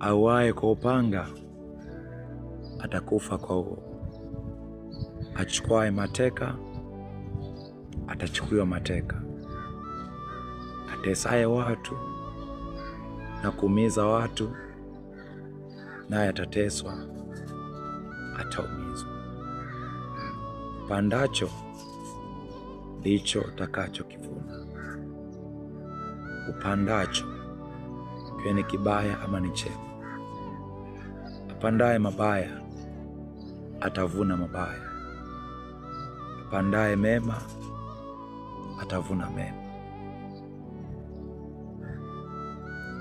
auaye kwa upanga atakufa kwa huo, achukwaye mateka atachukuliwa mateka, atesaye watu na kuumiza watu naye atateswa, ataumizwa. Pandacho ndicho takachokivuna Upandacho kiwe ni kibaya ama ni chema Apandaye mabaya atavuna mabaya, apandaye mema atavuna mema.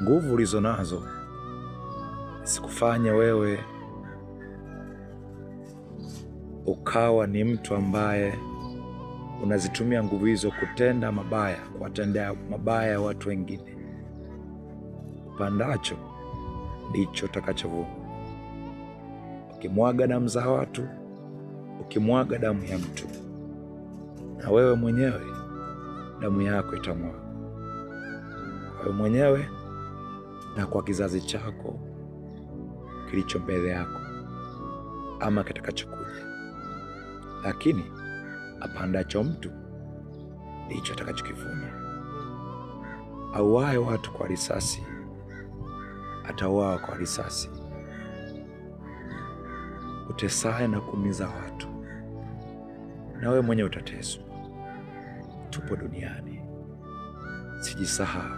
Nguvu ulizo nazo sikufanya wewe ukawa ni mtu ambaye unazitumia nguvu hizo kutenda mabaya, kuwatendea mabaya ya watu wengine. Upandacho ndicho utakachovuna. Ukimwaga damu za watu, ukimwaga damu ya mtu, na wewe mwenyewe damu yako itamwaga wewe mwenyewe na kwa kizazi chako kilicho mbele yako ama kitakachokuja. Lakini apandacho mtu ndicho atakachokivuna. Auaye watu kwa risasi atauawa kwa risasi utesaye na kuumiza watu, na wewe mwenye utateswa. Tupo duniani, sijisahau.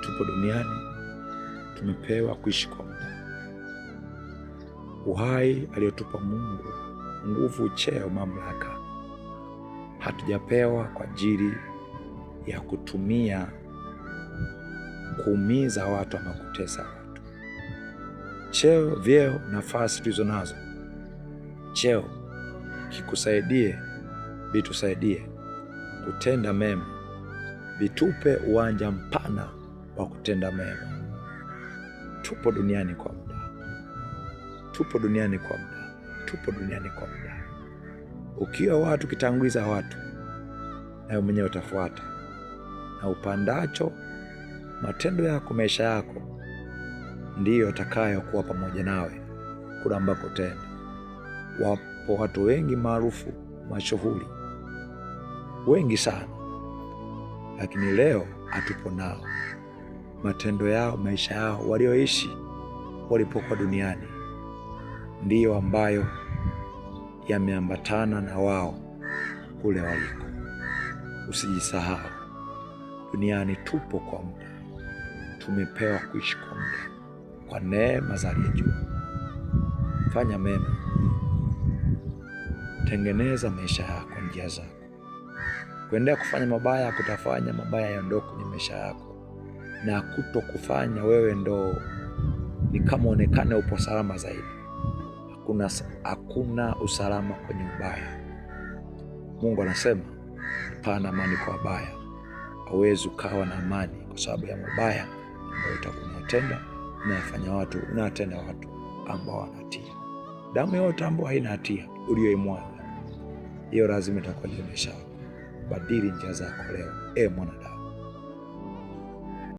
Tupo duniani, tumepewa kuishi kwa muda. Uhai aliyotupa Mungu, nguvu, cheo, mamlaka, hatujapewa kwa ajili ya kutumia kuumiza watu ama kutesa cheo, vyeo, nafasi tulizo nazo. Cheo kikusaidie, vitusaidie kutenda mema, vitupe uwanja mpana wa kutenda mema. Tupo duniani kwa muda, tupo duniani kwa muda, tupo duniani kwa muda. Ukiwa watu ukitanguliza watu, nawe mwenyewe utafuata, na upandacho matendo yako, maisha yako ndiyo atakayokuwa pamoja nawe kula ambapo tena. Wapo watu wengi maarufu mashuhuri, wengi sana, lakini leo hatupo nao. Matendo yao, maisha yao walioishi walipokuwa duniani ndiyo ambayo yameambatana na wao kule waliko. Usijisahau, duniani tupo kwa muda, tumepewa kuishi kwa muda kwa neema za aliye juu. Fanya mema, tengeneza maisha yako, njia zako. Kuendelea kufanya mabaya kutafanya mabaya yaondoe kwenye maisha yako, na kutokufanya wewe ndo ni kama onekane upo salama zaidi. Hakuna, hakuna usalama kwenye ubaya. Mungu anasema pana amani kwa wabaya. Hawezi ukawa na amani kwa sababu ya mabaya ambayo utakuwa unawafanya watu, unawatenda watu ambao wanatia damu yote ambayo haina hatia uliyoimwaga hiyo lazima itakuwa Badili njia zako leo, e mwanadamu.